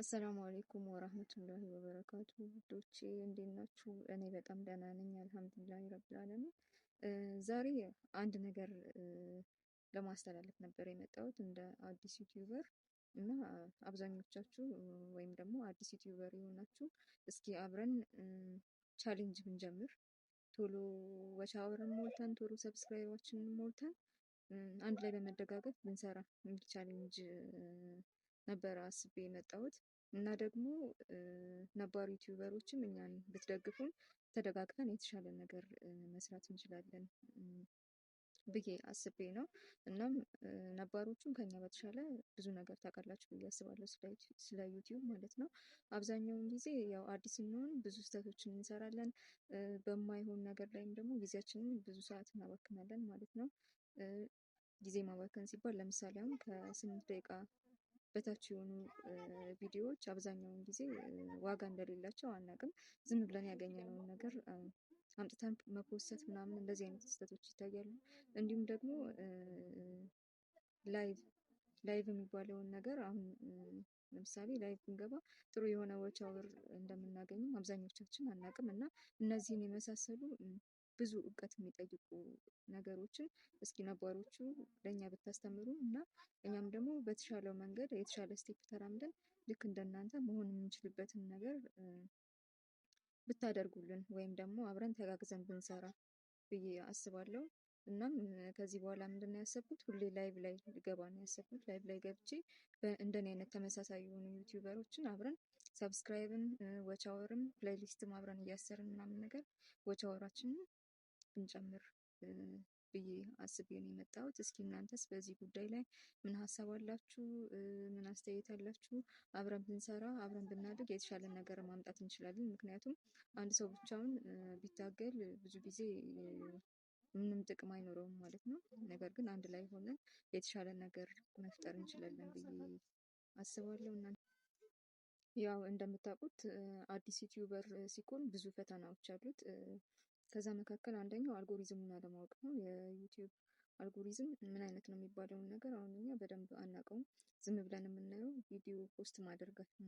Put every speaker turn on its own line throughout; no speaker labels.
አሰላሙ አሌይኩም ወራህመቱላሂ ወበረካቱ ውዶቼ እንዴት ናችሁ? እኔ በጣም ደህና ነኝ፣ አልሐምዱሊላሂ ረብል ዓለሚን። ዛሬ አንድ ነገር ለማስተላለፍ ነበር የመጣሁት እንደ አዲስ ዩቲዩበር እና አብዛኞቻችሁ ወይም ደግሞ አዲስ ዩቲዩበር የሆናችሁ እስኪ አብረን ቻሌንጅ ብንጀምር ቶሎ ወቻወርን ሞልተን ቶሎ ሰብስክራይባችንን ሞልተን አንድ ላይ በመደጋገፍ ብንሰራ የሚል ቻሌንጅ ነበረ አስቤ የመጣሁት እና ደግሞ ነባር ዩቲዩበሮችም እኛን ብትደግፉን ተደጋግፈን የተሻለ ነገር መስራት እንችላለን ብዬ አስቤ ነው። እናም ነባሮቹም ከኛ በተሻለ ብዙ ነገር ታውቃላችሁ ብዬ አስባለሁ፣ ስለ ዩቲዩብ ማለት ነው። አብዛኛውን ጊዜ ያው አዲስ ስንሆን ብዙ ስህተቶችን እንሰራለን። በማይሆን ነገር ላይም ደግሞ ጊዜያችንን ብዙ ሰዓት እናባክናለን ማለት ነው። ጊዜ ማባከን ሲባል ለምሳሌ አሁን ከስምንት ደቂቃ በታች የሆኑ ቪዲዮዎች አብዛኛውን ጊዜ ዋጋ እንደሌላቸው አናቅም። ዝም ብለን ያገኘነውን ነገር አምጥተን መፖሰት ምናምን እንደዚህ አይነት ስህተቶች ይታያሉ። እንዲሁም ደግሞ ላይቭ ላይቭ የሚባለውን ነገር አሁን ለምሳሌ ላይቭ ብንገባ ጥሩ የሆነ ወቻውር አወር እንደምናገኝም አብዛኞቻችን አናቅም እና እነዚህን የመሳሰሉ ብዙ እውቀት የሚጠይቁ ነገሮችን እስኪ ነባሮቹ ለእኛ ብታስተምሩ እና እኛም ደግሞ በተሻለው መንገድ የተሻለ ስቴፕ ተራምደን ልክ እንደናንተ መሆን የምንችልበትን ነገር ብታደርጉልን ወይም ደግሞ አብረን ተጋግዘን ብንሰራ ብዬ አስባለሁ። እናም ከዚህ በኋላ ምንድን ነው ያሰብኩት? ሁሌ ላይቭ ላይ ልገባ ነው ያሰብኩት። ላይቭ ላይ ገብቼ እንደኔ አይነት ተመሳሳይ የሆኑ ዩቲዩበሮችን አብረን ሰብስክራይብም፣ ወቻወርም፣ ፕሌሊስትም አብረን እያሰርን ምናምን ነገር ወቻወራችንን ብንጨምር ብዬ አስቤ ነው የመጣሁት። እስኪ እናንተስ በዚህ ጉዳይ ላይ ምን ሀሳብ አላችሁ? ምን አስተያየት አላችሁ? አብረን ብንሰራ አብረን ብናድግ የተሻለ ነገር ማምጣት እንችላለን። ምክንያቱም አንድ ሰው ብቻውን ቢታገል ብዙ ጊዜ ምንም ጥቅም አይኖረውም ማለት ነው። ነገር ግን አንድ ላይ ሆነን የተሻለ ነገር መፍጠር እንችላለን ብዬ አስባለሁ። እናንተ ያው እንደምታውቁት አዲስ ዩቲዩበር ሲኮን ብዙ ፈተናዎች አሉት። ከዛ መካከል አንደኛው አልጎሪዝሙን አለማወቅ ነው። የዩቲዩብ አልጎሪዝም ምን አይነት ነው የሚባለውን ነገር አሁን እኛ በደንብ አናውቀውም። ዝም ብለን የምናየው ቪዲዮ ፖስት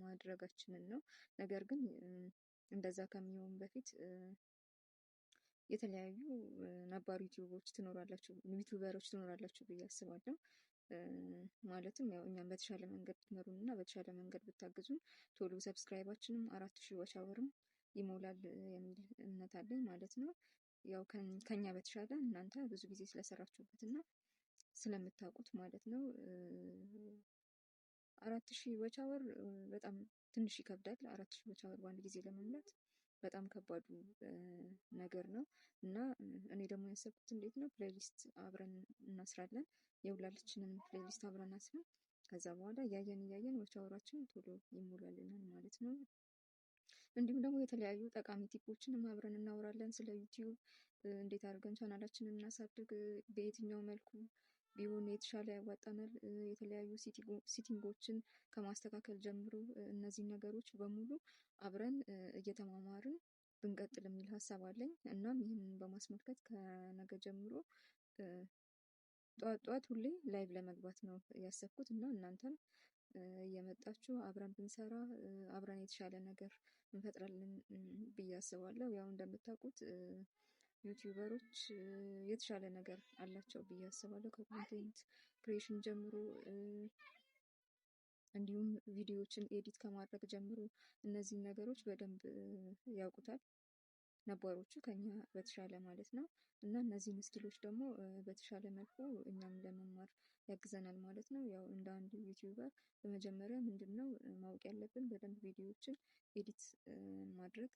ማድረጋችንን ነው። ነገር ግን እንደዛ ከሚሆን በፊት የተለያዩ ነባር ዩቲዩቦች ትኖራላችሁ ዩቲዩበሮች ትኖራላችሁ ብዬ አስባለሁ። ማለትም ያው እኛም በተሻለ መንገድ ብትመሩን እና በተሻለ መንገድ ብታግዙን ቶሎ ሰብስክራይባችንም አራት ሺህ ወቻወርም ይሞላል የሚል እምነት አለኝ ማለት ነው። ያው ከኛ በተሻለ እናንተ ብዙ ጊዜ ስለሰራችሁበት እና ስለምታውቁት ማለት ነው። አራት ሺህ ወቻወር በጣም ትንሽ ይከብዳል። አራት ሺህ ወቻወር በአንድ ጊዜ ለመሙላት በጣም ከባዱ ነገር ነው እና እኔ ደግሞ ያሰብኩት እንዴት ነው ፕሌሊስት አብረን እናስራለን። የሁላችንንም ፕሌሊስት አብረን አስረን ከዛ በኋላ እያየን እያየን ወቻወራችን ቶሎ ይሞላልናል ማለት ነው። እንዲሁም ደግሞ የተለያዩ ጠቃሚ ቲፖችንም አብረን እናወራለን። ስለ ዩቲዩብ እንዴት አድርገን ቻናላችንን እናሳድግ፣ በየትኛው መልኩ ቢሆን የተሻለ ያዋጣናል፣ የተለያዩ ሲቲንጎችን ከማስተካከል ጀምሮ እነዚህ ነገሮች በሙሉ አብረን እየተማማርን ብንቀጥል የሚል ሀሳብ አለኝ። እናም ይህንን በማስመልከት ከነገ ጀምሮ ጠዋት ጠዋት ሁሌ ላይቭ ለመግባት ነው ያሰብኩት እና እናንተም እየመጣችሁ አብረን ብንሰራ አብረን የተሻለ ነገር እንፈጥራለን ብዬ አስባለሁ። ያው እንደምታውቁት ዩቲዩበሮች የተሻለ ነገር አላቸው ብዬ አስባለሁ። ከኮንቴንት ክሬሽን ጀምሮ እንዲሁም ቪዲዮዎችን ኤዲት ከማድረግ ጀምሮ እነዚህን ነገሮች በደንብ ያውቁታል። ነባሮቹ ከኛ በተሻለ ማለት ነው እና እነዚህን ስኪሎች ደግሞ በተሻለ መልኩ እኛም ለመማር ያግዘናል ማለት ነው። ያው እንደ አንድ ዩቲዩበር በመጀመሪያ ምንድነው ማወቅ ያለብን በደንብ ቪዲዮዎችን ኤዲት ማድረግ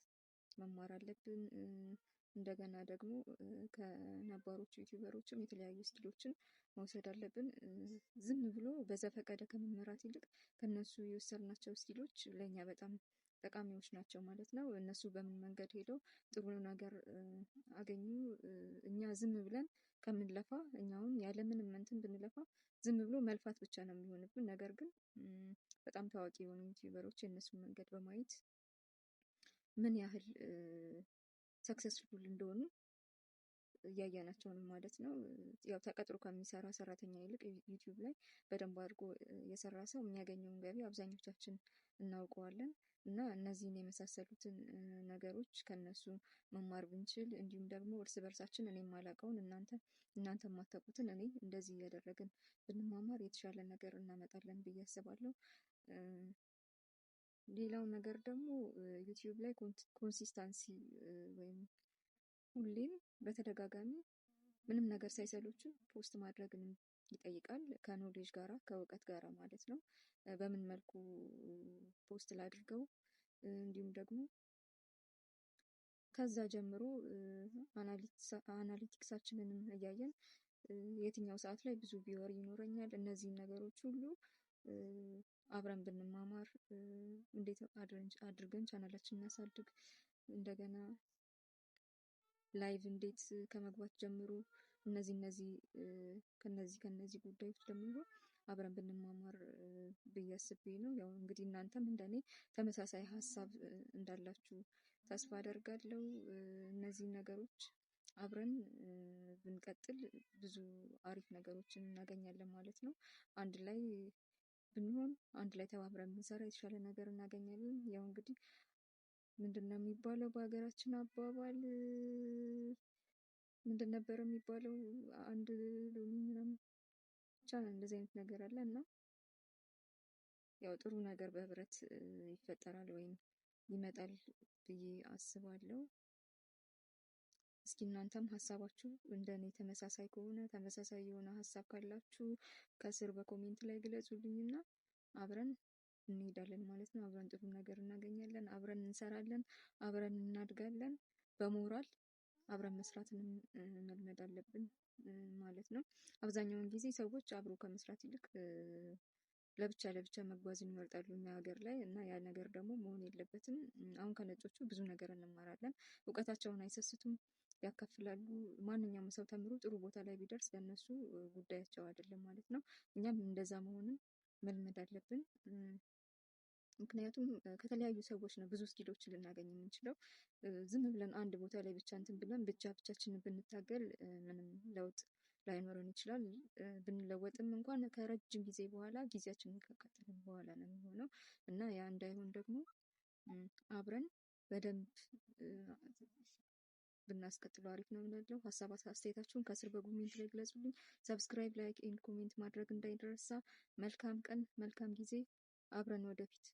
መማር አለብን። እንደገና ደግሞ ከነባሮቹ ዩቲዩበሮችም የተለያዩ ስኪሎችን መውሰድ አለብን። ዝም ብሎ በዘፈቀደ ከመመራት ይልቅ ከእነሱ የወሰድናቸው ስኪሎች ለእኛ በጣም ጠቃሚዎች ናቸው ማለት ነው። እነሱ በምን መንገድ ሄደው ጥሩ ነገር አገኙ፣ እኛ ዝም ብለን ከምንለፋ እኛውን ያለምንም እንትን ብንለፋ ዝም ብሎ መልፋት ብቻ ነው የሚሆንብን። ነገር ግን በጣም ታዋቂ የሆኑ ዩቲዩበሮች የእነሱን መንገድ በማየት ምን ያህል ሰክሰስፉል እንደሆኑ እያየናቸው ነው ማለት ነው። ያው ተቀጥሮ ከሚሰራ ሰራተኛ ይልቅ ዩቲዩብ ላይ በደንብ አድርጎ የሰራ ሰው የሚያገኘውን ገቢ አብዛኞቻችን እናውቀዋለን እና እነዚህን የመሳሰሉትን ነገሮች ከነሱ መማር ብንችል እንዲሁም ደግሞ እርስ በርሳችን እኔ የማላውቀውን እናንተ እናንተ የማታውቁትን እኔ እንደዚህ እያደረግን ብንማማር የተሻለ ነገር እናመጣለን ብዬ አስባለሁ። ሌላው ነገር ደግሞ ዩቲዩብ ላይ ኮንሲስታንሲ ወይም ሁሌም በተደጋጋሚ ምንም ነገር ሳይሰሎች ፖስት ማድረግን ይጠይቃል። ከኖሌጅ ጋራ ከእውቀት ጋራ ማለት ነው። በምን መልኩ ፖስት ላድርገው፣ እንዲሁም ደግሞ ከዛ ጀምሮ አናሊቲክሳችንንም እያየን የትኛው ሰዓት ላይ ብዙ ቪወር ይኖረኛል፣ እነዚህን ነገሮች ሁሉ አብረን ብንማማር፣ እንዴት አድርገን ቻናላችን እናሳድግ እንደገና ላይቭ እንዴት ከመግባት ጀምሮ እነዚህ እነዚህ ከነዚህ ከነዚህ ጉዳዮች ጀምሮ አብረን ብንማማር ብዬ አስቤ ነው። ያው እንግዲህ እናንተም እንደኔ ተመሳሳይ ሀሳብ እንዳላችሁ ተስፋ አደርጋለሁ። እነዚህ ነገሮች አብረን ብንቀጥል ብዙ አሪፍ ነገሮችን እናገኛለን ማለት ነው። አንድ ላይ ብንሆን አንድ ላይ ተባብረን ብንሰራ የተሻለ ነገር እናገኛለን። ያው እንግዲህ ምንድነው የሚባለው በሀገራችን አባባል ምንድን ነበር የሚባለው አንድ ሎሚ ምናምን ብቻ እንደዚህ አይነት ነገር አለ እና ያው ጥሩ ነገር በህብረት ይፈጠራል ወይም ይመጣል ብዬ አስባለሁ። እስኪ እናንተም ሀሳባችሁ እንደኔ ተመሳሳይ ከሆነ ተመሳሳይ የሆነ ሀሳብ ካላችሁ ከስር በኮሜንት ላይ ግለጹልኝና አብረን እንሄዳለን ማለት ነው። አብረን ጥሩ ነገር እናገኛለን፣ አብረን እንሰራለን፣ አብረን እናድጋለን። በሞራል አብረን መስራትን መልመድ አለብን ማለት ነው። አብዛኛውን ጊዜ ሰዎች አብሮ ከመስራት ይልቅ ለብቻ ለብቻ መጓዝን ይመርጣሉ እኛ ሀገር ላይ እና ያ ነገር ደግሞ መሆን የለበትም። አሁን ከነጮቹ ብዙ ነገር እንማራለን። እውቀታቸውን አይሰስቱም፣ ያካፍላሉ። ማንኛውም ሰው ተምሮ ጥሩ ቦታ ላይ ቢደርስ ለእነሱ ጉዳያቸው አይደለም ማለት ነው። እኛም እንደዛ መሆንን መልመድ አለብን። ምክንያቱም ከተለያዩ ሰዎች ነው ብዙ ስኪሎችን ልናገኝ የምንችለው። ዝም ብለን አንድ ቦታ ላይ ብቻ እንትን ብለን ብቻ ብቻችንን ብንታገል ምንም ለውጥ ላይኖረን ይችላል። ብንለወጥም እንኳን ከረጅም ጊዜ በኋላ ጊዜያችንን ካቃጠልን በኋላ ነው የሚሆነው። እና ያ እንዳይሆን ደግሞ አብረን በደንብ ብናስቀጥለው አሪፍ ነው እላለሁ። ሀሳብ አስተያየታችሁን ከስር በኮሜንት ላይ ግለጹልኝ። ሰብስክራይብ፣ ላይክ ኤንድ ኮሜንት ማድረግ እንዳይደረሳ መልካም ቀን፣ መልካም ጊዜ። አብረን ወደፊት